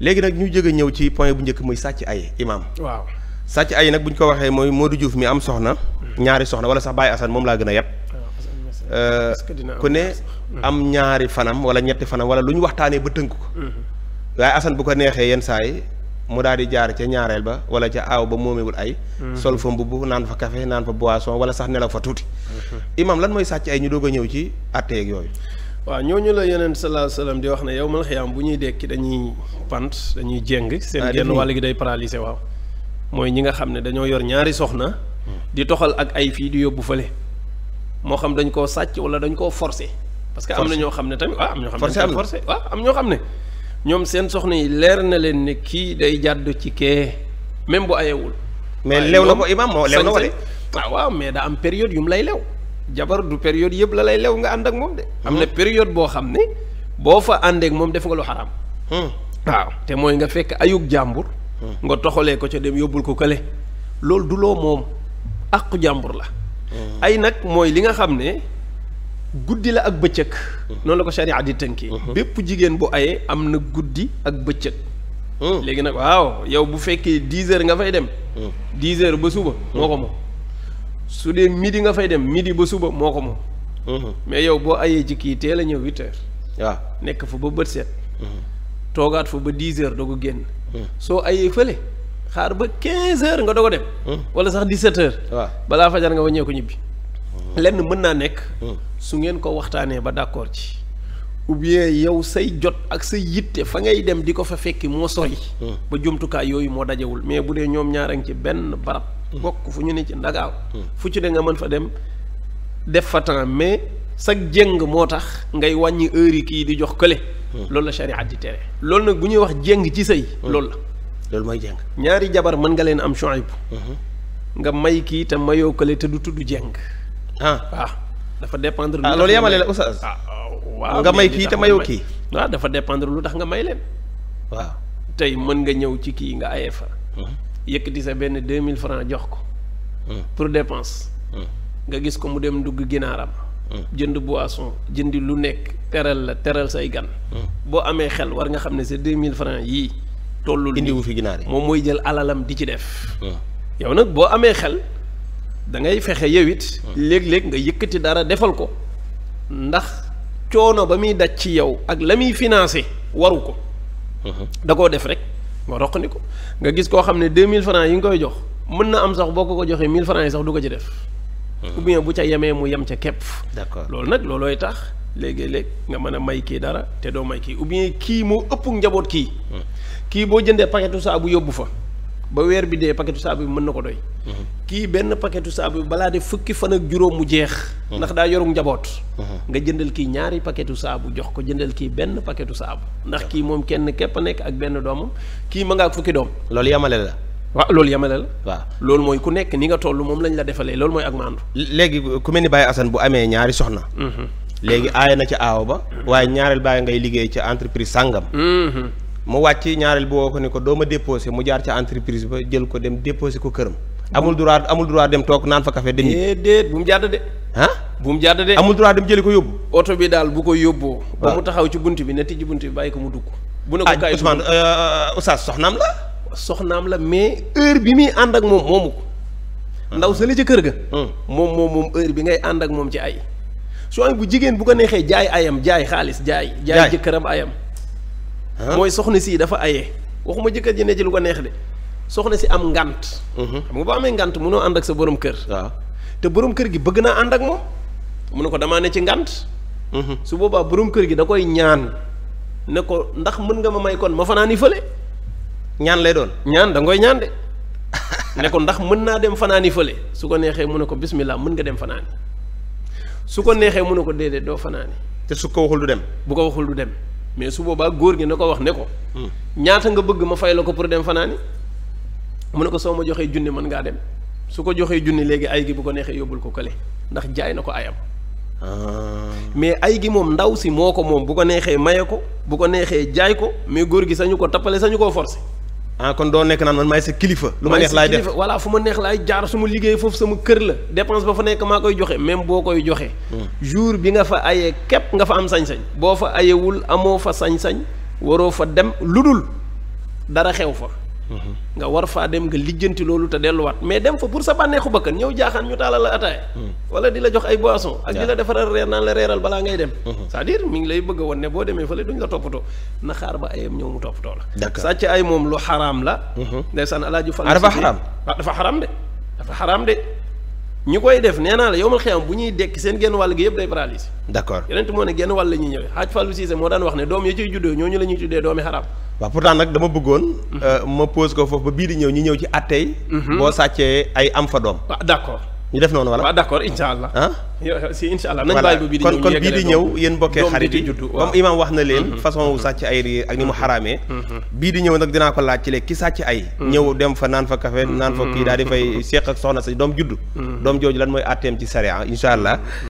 léegi nag ñu jóge ñëw ci point bu njëkk muy sàcc ay imaam. waaw sàcc ay nag bu ñu ko waxee mooy moo du Diouf mi am soxna. ñaari soxna wala sax Baye Assane moom laa gën a yeb. Euh, ku ne hmm. am ñaari fanam wala ñetti fanam wala lu ñu waxtaanee ba tënk ko. Hmm. waaye Assane bu ko neexee yenn saa mu daal di jaar ca ñaareel ba wala ca aaw ba moomewul ay. Hmm. sol fa mbubb naan fa café naan fa boisson wala sax nelaw fa tuuti. imaam lan mooy sàcc ay ñu doog a ñëw ci àtte yooyu. waaw ñooñu la yeneen salaa salaam di wax na yow mal xiyaam bu ñuy dekki dañuy pant dañuy jéng seen genn wàll gi day paralysé waaw mooy ñi nga xam ne dañoo yor ñaari soxna di toxal ak ay fii di yóbbu fële moo xam dañ koo sàcc wala dañ koo forcé parce que am na ñoo xam ne tamit waaw am ñoo xam ne forcé waaw am ñoo xam ne ñoom seen soxna yi leer na leen ne kii day jàdd ci kee même bu ayewul mais lew na ko imam moo lew na ko de ah, waaw mais daa am période yu mu lay lew jabar du période yëpp la lay lew nga ànd ak moom de. am na hmm. période boo xam ne boo fa àndeek moom def nga lu xaraam. Hmm. waaw te mooy nga fekk ayug jàmbur. Hmm. nga toxalee ko ca dem yóbbul ko kële. loolu du loo moom àqu jàmbur la. ay nag mooy li nga xam ne guddi la ak bëccëg. noonu la ko sharia di tënkee. bépp jigéen bu aye am na guddi ak bëccëg. léegi nag waaw yow bu fekkee dix heures nga fay dem. dix heures ba suba moo ko moom. su dee midi nga fay dem midi ba suba moo ko moom. Mhm. mais yow boo ayee ci kii teel a ñëw huit heures. nekk fa ba bët set. Mhm. toogaat fa ba dix heures doog a génn. Mhm. soo ayee fële xaar ba quinze heures nga doog dem. wala sax dix sept heures. balaa fajar nga wàññeeku ñibbi. lenn mën naa nekk. su ngeen ko waxtaanee ba d'accord ci. ou bien yow say jot ak say yitte fa ngay dem di ko fa fekki moo sori. ba jumtukaay yooyu moo dajewul mais bu dee ñoom ñaar a ngi ci benn barab. bokk fu ñu ne ci ndagaaw hmm. fu ci ne nga mën fa dem def fa temps mais sag jéng moo tax ngay wàññi heure yi kii di jox kële hmm. loolu la charia di tere loolu nag bu ñuy wax jéng ci sëy hmm. loolu la loolu mooy jéng ñaari jabar mën nga leen am Shuayb nga may kii te mayoo du tudd jéng ah. dafa dépendre ah loolu yemale ah, waaw nga may kii te mayoo kii waaw dafa dépendre lu tax nga may leen waaw tey mën nga ñëw ci kii nga aye fa yëkkati sa benn deux mille francs jox ko. Hmm. pour dépense. Hmm. nga gis ko mu dem dugg ginaaram. Hmm. jënd boisson jëndi lu nekk teral la teral say gan. boo amee xel war nga xam ne sa deux mille francs yii. tollul indiwu fi ginaar moom mooy jël alalam di ci def. yow nag boo amee xel da ngay fexe yow it. léeg-léeg nga yëkkati dara defal ko ndax. coono ba muy daj ci yow ak la muy financé waru ko da koo def rek ma roq ni ko nga gis koo xam ne 2000 francs yi nga koy jox mën na am sax boo ko ko joxee 1000 francs yi sax du ko ci def. Hmm. ou bu ca yemee mu yem ca kepp d'accord loolu nag loolooy tax léegi-léeg nga mën a may kii dara te doo may kii ou kii moo ëpp njaboot kii. Hmm. kii boo jëndee paquetu saabu yóbbu fa. ba weer bi dee paquetu saabu bi mën na ko doy. Hmm. kii benn paquetu saabu bi balaa de fukki fan ak juróom mu jeex. ndax daa yorum njaboot mhm. nga jëndal kii ñaari paquetu saabu jox ko jëndal kii benn paquetu saabu ndax kii moom kenn képp a nekk ak benn doomam kii ma ngaa fukki doom loolu yamale la waaw loolu yamale la waaw loolu mooy ku nekk ni nga toll moom lañ la defalee loolu mooy ak maandu léegi ku mel ni Baye Assane bu amee ñaari soxna mhm. léegi aaya na ca aaw ba waaye ñaareel baa ngay liggéey ca entreprise sàngam mhm. mu wàcc ñaareel boo ko ni ko doo ma déposé mu jaar ca entreprise ba jël ko dem déposé ko këram amul droit amul droit dem toog naan fa café dem déedéet bu mu jàdd ah bu mu jàdd de amul droit dem jëli ko yóbbu oto bi daal bu ko yóbboo ba mu taxaw ci bunt bi ne tijji bunt bi bàyyi ko mu dugg bu ne ko kaay Ousmane euh, Oustaz soxnaam la soxnaam la bi muy ànd ak moom ko ndaw sële ca kër ga hmm. moom moom moom bi ngay ànd ak moom ci ay soo bu jigéen bu ko neexee jaay ayam jaay xaalis jaay jaay jëkkëram ayam mooy soxna si dafa ayee waxuma jëkkër ji ne ci ko neex de soxna si am ngànt hmm. xam nga boo amee ngànt mënoo ànd ak sa borom kër waaw te borom kër gi bëgg naa ànd ak moom mu ne ko damaa ne ci ngànt mhm. su boobaa borom kër gi da koy ñaan ne ko ndax mën nga ma may kon ma fanaani fële ñaan lay doon ñaan da koy ñaan de ne ko ndax mën naa dem fanaani fële su ko neexee mu ne ko bismillah mën nga dem fanaani su ko neexee mu ne ko déedéet doo fanaani te su ko waxul du dem bu ko waxul du dem mais su boobaa góor gi ne ko wax ne ko hmm. ñaata nga bëgg ma fay la ko pour dem fanaani mun ne ko soo ma joxee junni mën ngaa dem su ko joxee junni léegi ay gi bu ko neexee yóbbul ko kële ndax jaay na ko ayam. Ah. mais ay gi moom ndaw si moo ko moom bu ko neexee maye ko bu ko neexee jaay ko mais góor gi sañu ko tappale sañu koo forcer. ah kon doo nekk naan man maay sa kilifa. lu ma neex laay def voilà fu ma neex laay jaar suma liggéey foofu sama kër la dépense ba fa nekk maa koy joxe même boo koy joxe. Hmm. jour bi nga fa ayee képp nga fa am sañ-sañ. boo fa ayewul amoo fa sañ-sañ waroo fa dem lu dul dara xew fa. nga war faa dem nga lijjanti loolu te delluwaat mais dem fa pour sa bànneexu bakkan ñëw jaaxaan ñu taalal la ataaya hmm. wala di la jox ay boisson ak di la defaral reer naan la reeral balaa ngay dem hmm. c'est-à-dire ngi lay bëgg a won ne boo demee fële duñ la toppatoo na xaar ba ayam ñëw mu toppatoo la sàcc ay moom lu xaraam la hmm. ndeysaan alaaji fan dafa xaraam ah, dafa xaraam de dafa xaraam de ñi koy def nee naa la yowmal xiyam bu ñuy dekk seen genn wàll gi yëpp day doom ya waaw pourtant nag dama bëggoon. Euh, ma pose ko foofu ba bii di ñëw ñi ñëw ci attey mhm. boo sàccee ay am fa doom. waaw ah, d' accord. ñu def noonu wala waaw d' accord incha allah. ah, ah? si incha allah nañ bàyyi ba bii di ñëw kon kon bii di ñëw yéen mbokkee xarit yi comme imaam wax na leen. Mhm. façon wu sàcc ay ak ni mu mhm. xaraamee. bii di ñëw nag dinaa ko laaj ci léegi ki sàcc ay. ñëw dem fa naan fa kafe naan fa kii daal di fay seeq ak soxna sa doom juddu. doom jooju lan mooy atteem ci sariya incha allah.